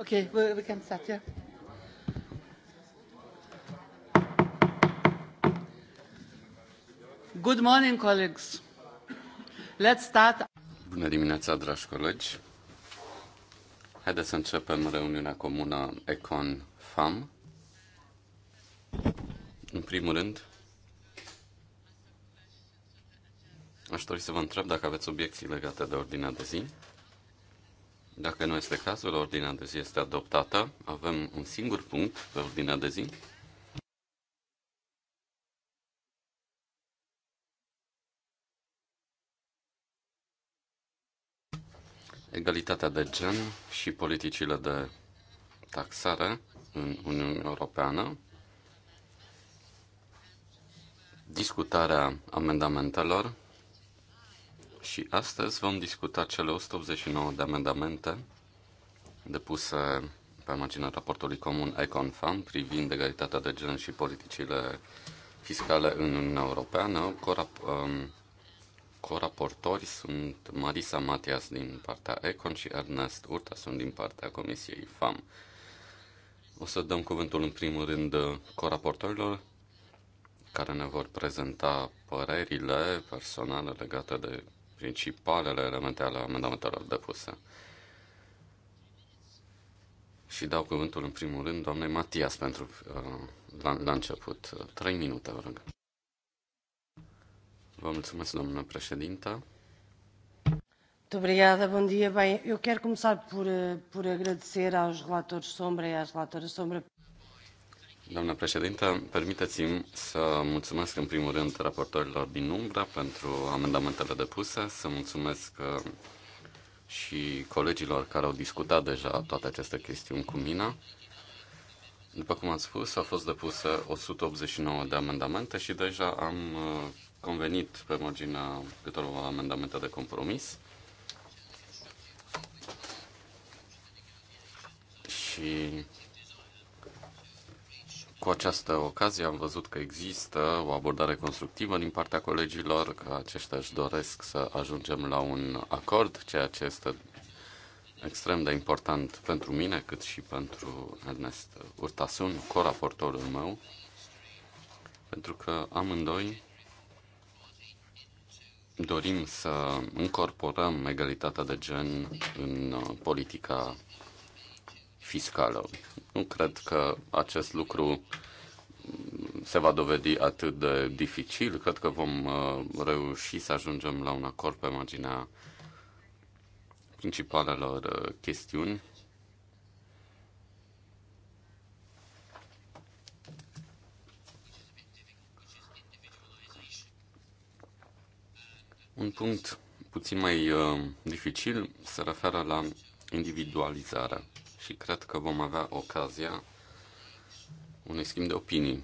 Okay, we, we can start, yeah. Good morning, colleagues. Let's start. Bună dimineața, dragi colegi. Haideți să începem reuniunea comună Econ FAM. În primul rând, aș dori să vă întreb dacă aveți obiecții legate de ordinea de zi. Dacă nu este cazul, ordinea de zi este adoptată. Avem un singur punct pe ordinea de zi. Egalitatea de gen și politicile de taxare în Uniunea Europeană. Discutarea amendamentelor și astăzi vom discuta cele 189 de amendamente depuse pe marginea raportului comun Econfam privind egalitatea de gen și politicile fiscale în Uniunea Europeană. Corap- um, coraportori sunt Marisa Matias din partea Econ și Ernest Urta sunt din partea Comisiei FAM. O să dăm cuvântul în primul rând coraportorilor care ne vor prezenta părerile personale legate de principalele elemente ale amendamentelor depuse. Și dau cuvântul în primul rând doamnei Matias pentru uh, la, la început. Trei minute, vă rog. Vă mulțumesc, doamnă președintă. obrigada, bom dia. Bem, eu quero começar por, eh, por agradecer aos relatores sombra e às relatoras sombra. Doamna președintă, permiteți-mi să mulțumesc în primul rând raportorilor din Umbra pentru amendamentele depuse, să mulțumesc uh, și colegilor care au discutat deja toate aceste chestiuni cu mine. După cum am spus, au fost depuse 189 de amendamente și deja am uh, convenit pe marginea câtorva amendamente de compromis. Și cu această ocazie am văzut că există o abordare constructivă din partea colegilor, că aceștia își doresc să ajungem la un acord, ceea ce este extrem de important pentru mine, cât și pentru Ernest Urtasun, coraportorul meu, pentru că amândoi dorim să incorporăm egalitatea de gen în politica fiscală. Nu cred că acest lucru se va dovedi atât de dificil. Cred că vom uh, reuși să ajungem la un acord pe marginea principalelor uh, chestiuni. Un punct puțin mai uh, dificil se referă la individualizarea și cred că vom avea ocazia unui schimb de opinii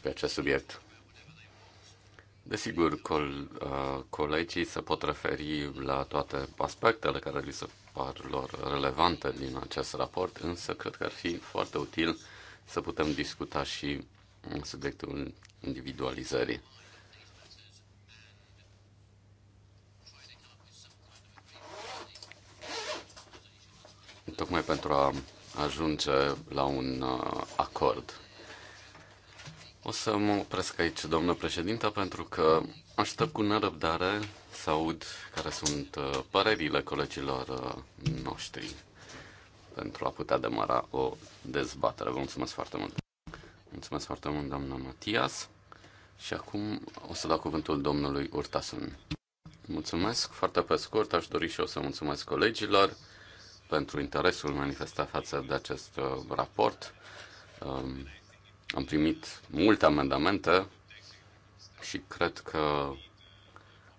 pe acest subiect. Desigur, col, uh, colegii se pot referi la toate aspectele care li se par lor relevante din acest raport, însă cred că ar fi foarte util să putem discuta și subiectul individualizării. tocmai pentru a ajunge la un uh, acord. O să mă opresc aici, doamnă președintă, pentru că aștept cu nerăbdare să aud care sunt uh, părerile colegilor uh, noștri pentru a putea demara o dezbatere. Vă mulțumesc foarte mult! Mulțumesc foarte mult, doamna Matias. Și acum o să dau cuvântul domnului Urtasun. Mulțumesc foarte pe scurt, aș dori și eu să mulțumesc colegilor pentru interesul manifestat față de acest uh, raport. Um, am primit multe amendamente și cred că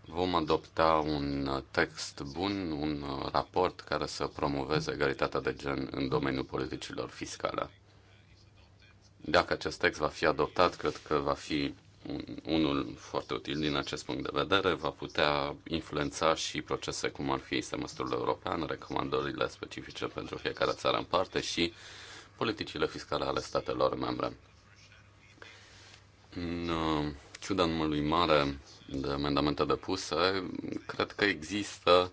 vom adopta un text bun, un uh, raport care să promoveze egalitatea de gen în domeniul politicilor fiscale. Dacă acest text va fi adoptat, cred că va fi unul foarte util din acest punct de vedere, va putea influența și procese cum ar fi semestrul european, recomandările specifice pentru fiecare țară în parte și politicile fiscale ale statelor membre. În uh, ciuda numărului mare de amendamente depuse, cred că există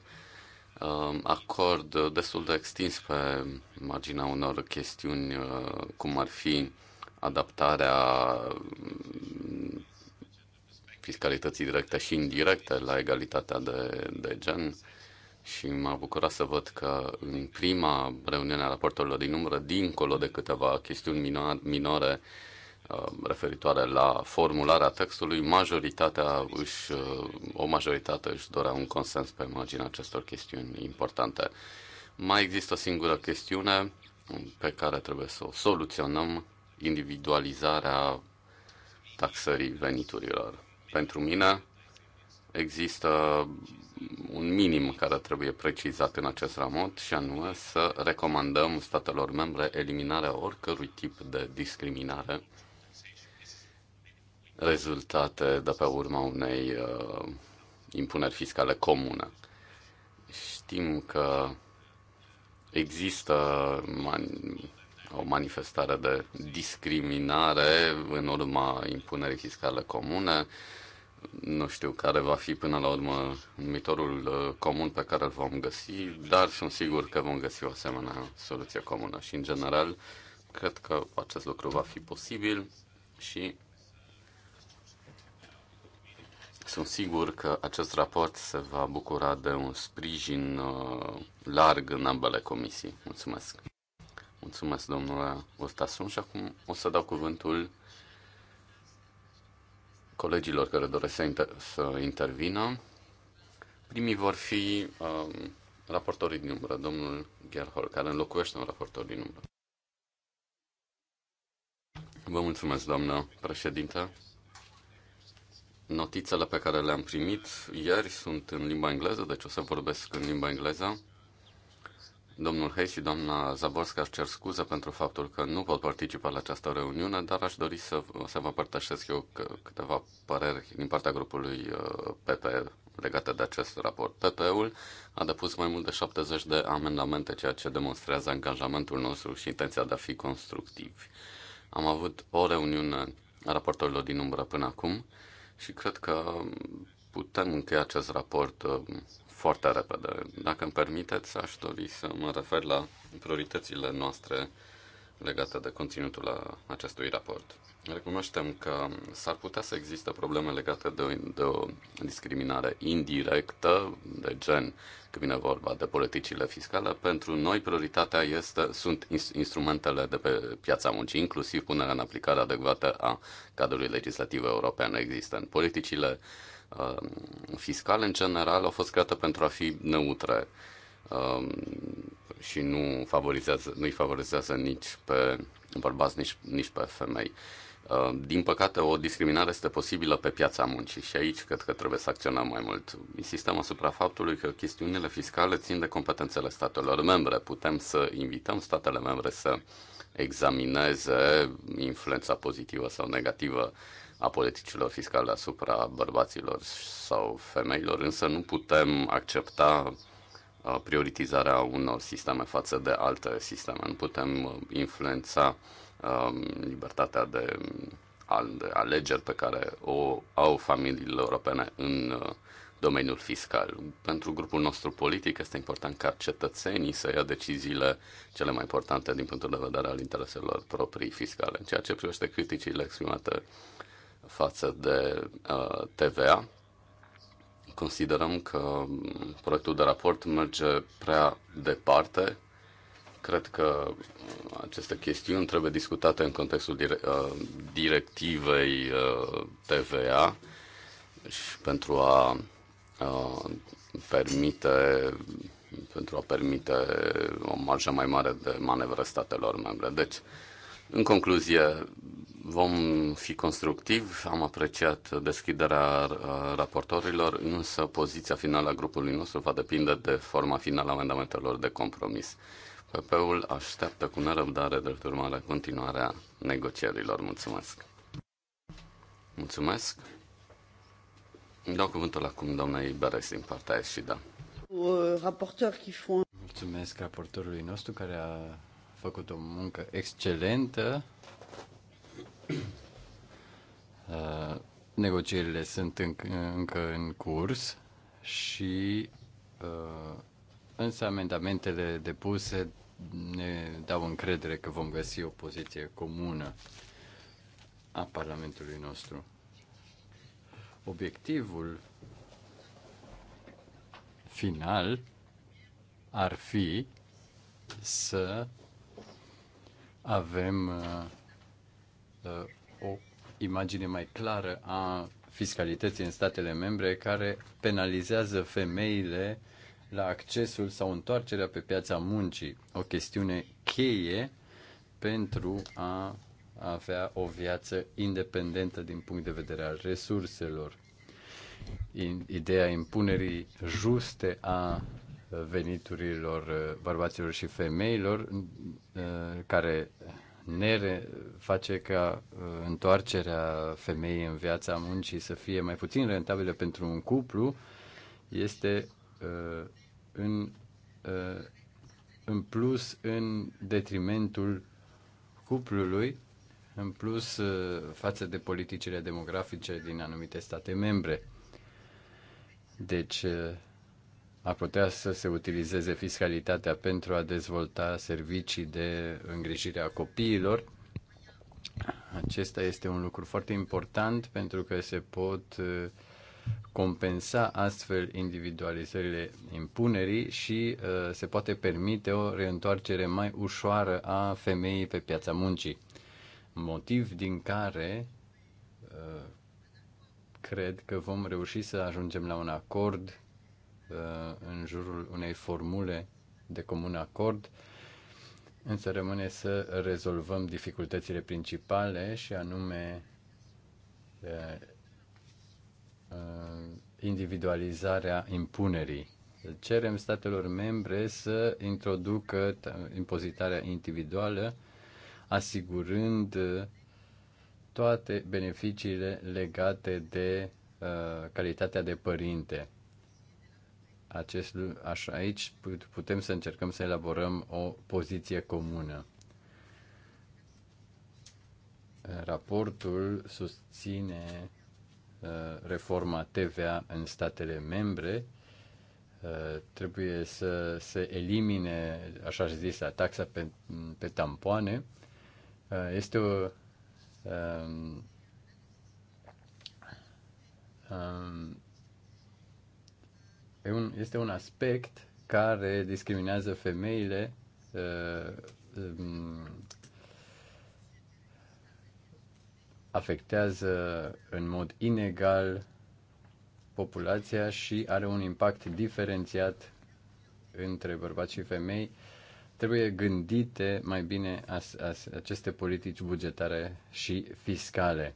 uh, acord destul de extins pe marginea unor chestiuni uh, cum ar fi adaptarea mm, fiscalității directe și indirecte la egalitatea de, de gen și m-a bucurat să văd că în prima reuniune a raportorilor din umbră, dincolo de câteva chestiuni minore uh, referitoare la formularea textului, majoritatea își, uh, o majoritate își dorea un consens pe marginea acestor chestiuni importante. Mai există o singură chestiune pe care trebuie să o soluționăm individualizarea taxării veniturilor. Pentru mine există un minim care trebuie precizat în acest ramot și anume să recomandăm statelor membre eliminarea oricărui tip de discriminare rezultate de pe urma unei uh, impuneri fiscale comune. Știm că există o manifestare de discriminare în urma impunerii fiscale comune. Nu știu care va fi până la urmă numitorul uh, comun pe care îl vom găsi, dar sunt sigur că vom găsi o asemenea soluție comună și, în general, cred că acest lucru va fi posibil și sunt sigur că acest raport se va bucura de un sprijin uh, larg în ambele comisii. Mulțumesc! Mulțumesc, domnule Ostasun. și acum o să dau cuvântul colegilor care doresc să, inter- să intervină. Primii vor fi um, raportorii din umbră, domnul Gerhol, care înlocuiește un raportor din umbră. Vă mulțumesc, doamnă președintă. Notițele pe care le-am primit ieri sunt în limba engleză, deci o să vorbesc în limba engleză. Domnul Hei și doamna Zaborska își cer scuze pentru faptul că nu pot participa la această reuniune, dar aș dori să, să vă împărtășesc eu câteva păreri din partea grupului PP uh, legate de acest raport. PP-ul a depus mai mult de 70 de amendamente, ceea ce demonstrează angajamentul nostru și intenția de a fi constructivi. Am avut o reuniune a raportorilor din umbră până acum și cred că putem încheia acest raport uh, foarte repede. Dacă îmi permiteți, aș dori să mă refer la prioritățile noastre legate de conținutul acestui raport. Recunoaștem că s-ar putea să existe probleme legate de o, de o discriminare indirectă de gen când vine vorba de politicile fiscale. Pentru noi prioritatea este, sunt instrumentele de pe piața muncii, inclusiv punerea în aplicare adecvată a cadrului legislativ european existent. Politicile Um, fiscale, în general, au fost create pentru a fi neutre um, și nu favorizează, nu-i favorizează nici pe bărbați, nici, nici pe femei. Um, din păcate, o discriminare este posibilă pe piața muncii și aici cred că trebuie să acționăm mai mult. Insistăm asupra faptului că chestiunile fiscale țin de competențele statelor membre. Putem să invităm statele membre să examineze influența pozitivă sau negativă uh, a politicilor fiscale asupra bărbaților sau femeilor, însă nu putem accepta uh, prioritizarea unor sisteme față de alte sisteme. Nu putem uh, influența um, libertatea de alegeri pe care o au familiile europene în uh, domeniul fiscal. Pentru grupul nostru politic este important ca cetățenii să ia deciziile cele mai importante din punctul de vedere al intereselor proprii fiscale. În ceea ce privește criticile exprimate față de uh, TVA. Considerăm că proiectul de raport merge prea departe. Cred că uh, aceste chestiuni trebuie discutate în contextul uh, directivei TVA și pentru a permite pentru a permite o marjă mai mare de manevră statelor membre. Deci, în concluzie, Vom fi constructivi, am apreciat deschiderea uh, raportorilor, însă poziția finală a grupului nostru va depinde de forma finală a amendamentelor de compromis. PP-ul așteaptă cu nerăbdare, de urmare, continuarea negocierilor. Mulțumesc! Mulțumesc! Dau cuvântul acum doamnei Beres din partea Eșida. Uh, Mulțumesc raportorului nostru care a făcut o muncă excelentă Uh, negocierile sunt în, încă în curs și uh, însă amendamentele depuse ne dau încredere că vom găsi o poziție comună a Parlamentului nostru. Obiectivul final ar fi să avem uh, Uh, o imagine mai clară a fiscalității în statele membre care penalizează femeile la accesul sau întoarcerea pe piața muncii, o chestiune cheie pentru a avea o viață independentă din punct de vedere al resurselor. Ideea impunerii juste a veniturilor uh, bărbaților și femeilor uh, care ne face ca uh, întoarcerea femeii în viața muncii să fie mai puțin rentabilă pentru un cuplu este uh, în, uh, în plus în detrimentul cuplului, în plus față de politicile demografice din anumite state membre. Deci, a putea să se utilizeze fiscalitatea pentru a dezvolta servicii de îngrijire a copiilor. Acesta este un lucru foarte important pentru că se pot uh, compensa astfel individualizările impunerii și uh, se poate permite o reîntoarcere mai ușoară a femeii pe piața muncii. Motiv din care uh, cred că vom reuși să ajungem la un acord Uh, în jurul unei formule de comun acord, însă rămâne să rezolvăm dificultățile principale și anume uh, uh, individualizarea impunerii. Cerem statelor membre să introducă impozitarea individuală, asigurând toate beneficiile legate de calitatea de părinte acest, așa, aici putem să încercăm să elaborăm o poziție comună. Raportul susține uh, reforma TVA în statele membre, uh, trebuie să se elimine, așa zis, taxa pe, pe tampoane. Uh, este o um, um, este un aspect care discriminează femeile uh, um, afectează în mod inegal populația și are un impact diferențiat între bărbați și femei. Trebuie gândite mai bine aceste politici bugetare și fiscale.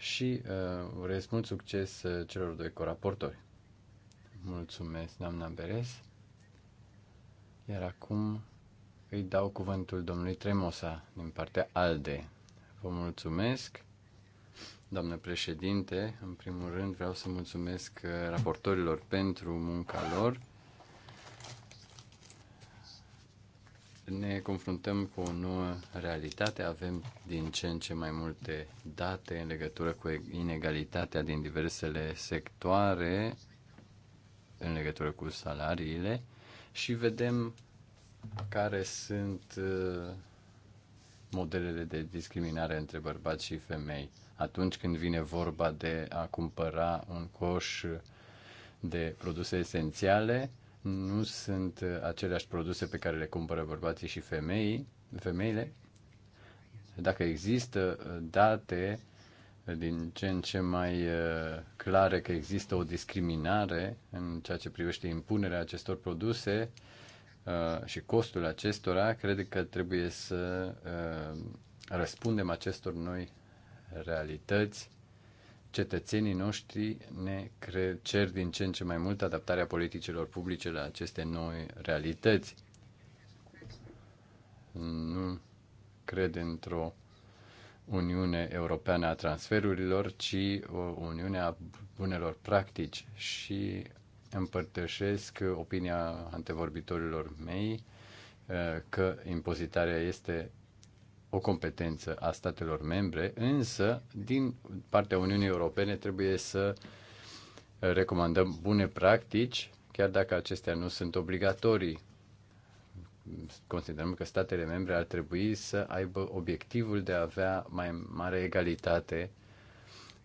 și uh, urez mult succes uh, celor doi coraportori. Mulțumesc, doamna Beres. Iar acum îi dau cuvântul domnului Tremosa din partea ALDE. Vă mulțumesc, doamnă președinte. În primul rând vreau să mulțumesc uh, raportorilor pentru munca lor ne confruntăm cu o nouă realitate. Avem din ce în ce mai multe date în legătură cu inegalitatea din diversele sectoare, în legătură cu salariile și vedem care sunt uh, modelele de discriminare între bărbați și femei. Atunci când vine vorba de a cumpăra un coș de produse esențiale, nu sunt aceleași produse pe care le cumpără bărbații și femeii, femeile. Dacă există uh, date uh, din ce în ce mai uh, clare că există o discriminare în ceea ce privește impunerea acestor produse și costul acestora, cred că trebuie să răspundem acestor noi realități cetățenii noștri ne cer din ce în ce mai mult adaptarea politicilor publice la aceste noi realități. Nu cred într-o Uniune Europeană a transferurilor, ci o Uniune a bunelor practici și împărtășesc opinia antevorbitorilor mei eh, că impozitarea este o competență a statelor membre, însă din partea Uniunii Europene trebuie să uh, recomandăm bune practici, chiar dacă acestea nu sunt obligatorii. Considerăm că statele membre ar trebui să aibă obiectivul de a avea mai mare egalitate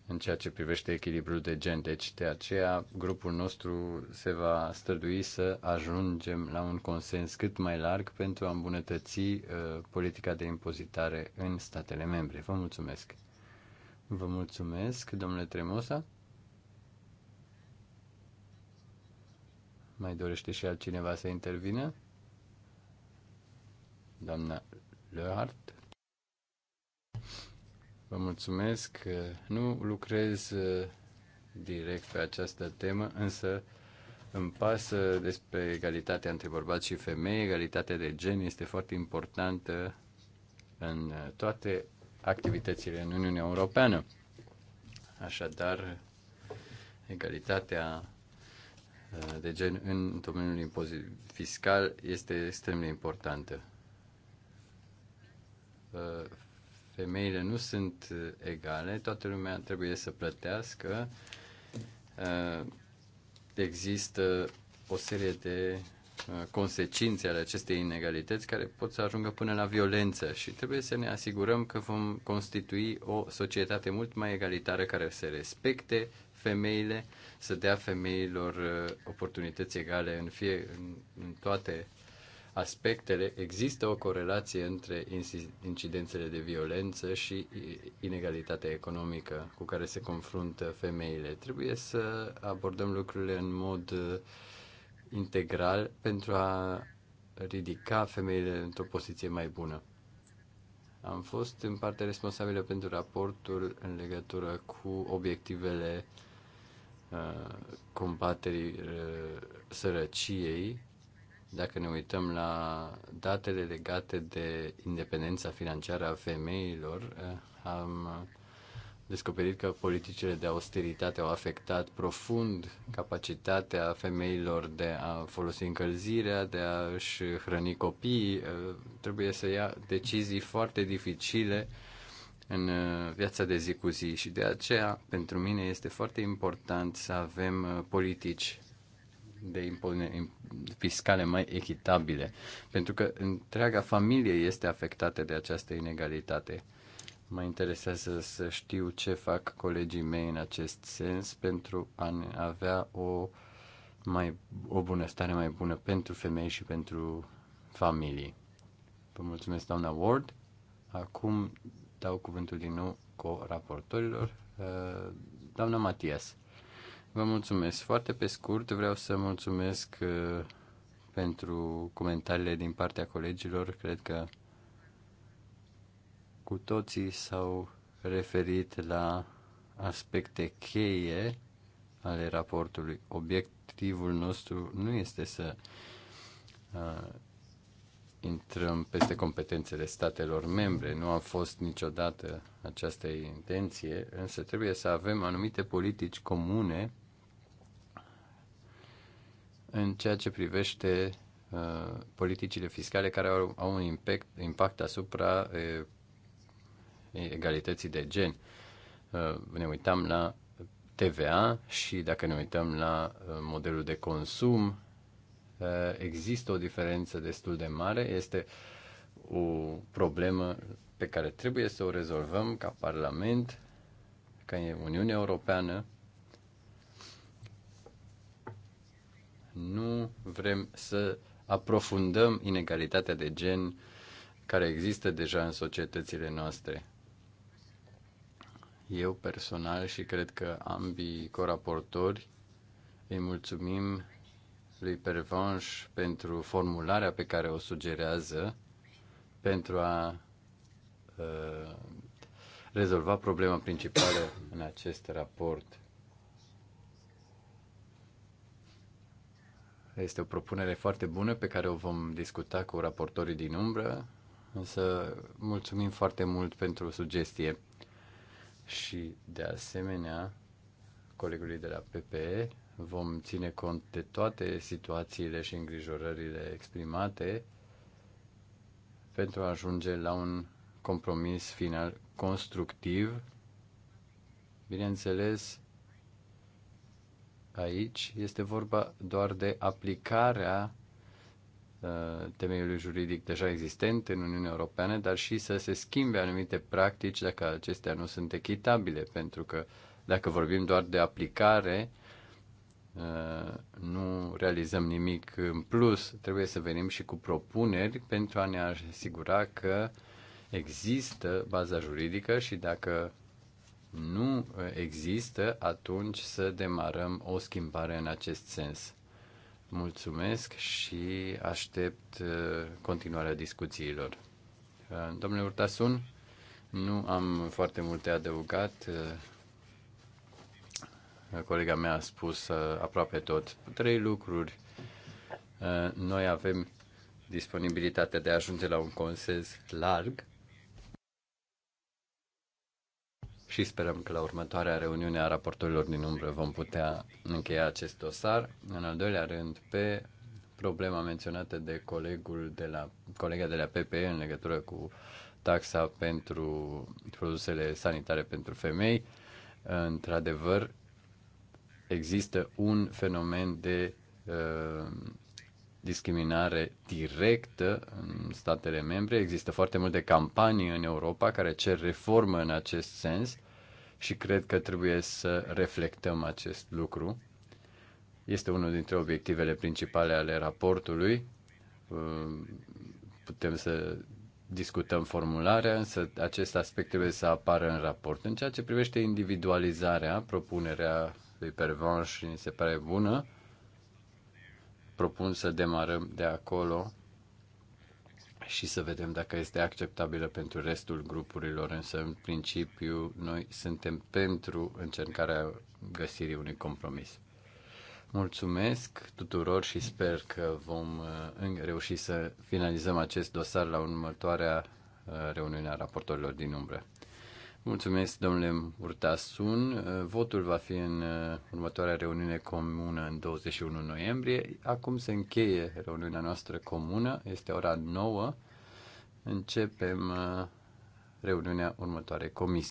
în ceea ce privește echilibrul de gen. Deci, de aceea, grupul nostru se va strădui să ajungem la un consens cât mai larg pentru a îmbunătăți uh, politica de impozitare în statele membre. Vă mulțumesc! Vă mulțumesc, domnule Tremosa. Mai dorește și altcineva să intervină? Doamna Lehart? Vă mulțumesc. Nu lucrez uh, direct pe această temă, însă îmi pasă despre egalitatea între bărbați și femei. Egalitatea de gen este foarte importantă în uh, toate activitățile în Uniunea Europeană. Așadar, egalitatea uh, de gen în domeniul fiscal este extrem de importantă. femeile nu sunt uh, egale, toată lumea trebuie să plătească. Uh, există o serie de uh, consecințe ale acestei inegalități care pot să ajungă până la violență și trebuie să ne asigurăm că vom constitui o societate mult mai egalitară care să respecte femeile, să dea femeilor oportunități egale în, fie, în, în toate aspectele, există o corelație între incidențele de violență și inegalitatea economică cu care se confruntă femeile. Trebuie să abordăm lucrurile în mod uh, integral pentru a ridica femeile într-o poziție mai bună. Am fost în parte responsabilă pentru raportul în legătură cu obiectivele uh, combaterii uh, sărăciei dacă ne uităm la datele legate de independența financiară a femeilor, eh, am eh, descoperit că politicile de austeritate au afectat profund capacitatea femeilor de a folosi încălzirea, de a-și hrăni copiii. Eh, trebuie să ia decizii foarte dificile în viața de zi cu zi și de aceea pentru mine este foarte important să avem politici de impune, fiscale mai echitabile, pentru că întreaga familie este afectată de această inegalitate. Mă interesează să știu ce fac colegii mei în acest sens pentru a avea o, mai, o bunăstare mai bună pentru femei și pentru familii. Vă mulțumesc, doamna Ward. Acum dau cuvântul din nou co-raportorilor. Uh, doamna Matias. Vă mulțumesc. Foarte pe scurt vreau să mulțumesc uh, pentru comentariile din partea colegilor. Cred că cu toții s-au referit la aspecte cheie ale raportului. Obiectivul nostru nu este să uh, intrăm peste competențele statelor membre. Nu a fost niciodată această intenție, însă trebuie să avem anumite politici comune în ceea ce privește uh, politicile fiscale care au, au un impact, impact asupra uh, egalității de gen. Uh, ne uităm la TVA și dacă ne uităm la uh, modelul de consum, uh, există o diferență destul de mare. Este o problemă pe care trebuie să o rezolvăm ca Parlament, ca Uniunea Europeană Nu vrem să aprofundăm inegalitatea de gen care există deja în societățile noastre. Eu personal și cred că ambii coraportori îi mulțumim lui Pervanș pentru formularea pe care o sugerează pentru a uh, rezolva problema principală în acest raport. Este o propunere foarte bună pe care o vom discuta cu raportorii din umbră, însă mulțumim foarte mult pentru sugestie și de asemenea colegului de la PPE vom ține cont de toate situațiile și îngrijorările exprimate pentru a ajunge la un compromis final constructiv. Bineînțeles, Aici este vorba doar de aplicarea uh, temeiului juridic deja existent în Uniunea Europeană, dar și să se schimbe anumite practici dacă acestea nu sunt echitabile, pentru că dacă vorbim doar de aplicare, uh, nu realizăm nimic în plus, trebuie să venim și cu propuneri pentru a ne asigura că există baza juridică și dacă nu uh, există, atunci să demarăm o schimbare în acest sens. Mulțumesc și aștept uh, continuarea discuțiilor. Uh, domnule Urtasun, nu am foarte multe adăugat. Colega mea a spus aproape tot. Trei lucruri. Noi avem disponibilitatea de a ajunge la un consens larg și sperăm că la următoarea reuniune a raportorilor din umbră vom putea încheia acest dosar. În al doilea rând, pe problema menționată de colegul de la, colega de la PPE în legătură cu taxa pentru produsele sanitare pentru femei, într-adevăr, există un fenomen de uh, discriminare directă în statele membre. Există foarte multe campanii în Europa care cer reformă în acest sens și cred că trebuie să reflectăm acest lucru. Este unul dintre obiectivele principale ale raportului. Uh, putem să discutăm formularea, însă acest aspect trebuie să apară în raport. În ceea ce privește individualizarea, propunerea lui Pervanș mi se pare bună. Propun să demarăm de acolo și să vedem dacă este acceptabilă pentru restul grupurilor, însă în principiu noi suntem pentru încercarea găsirii unui compromis. Mulțumesc tuturor și sper că vom uh, reuși să finalizăm acest dosar la următoarea uh, reuniune a raportorilor din umbră. Mulțumesc, domnule Urtasun. Votul va fi în uh, următoarea reuniune comună în 21 noiembrie. Acum se încheie reuniunea noastră comună. Este ora 9. Începem uh, reuniunea următoare comisie.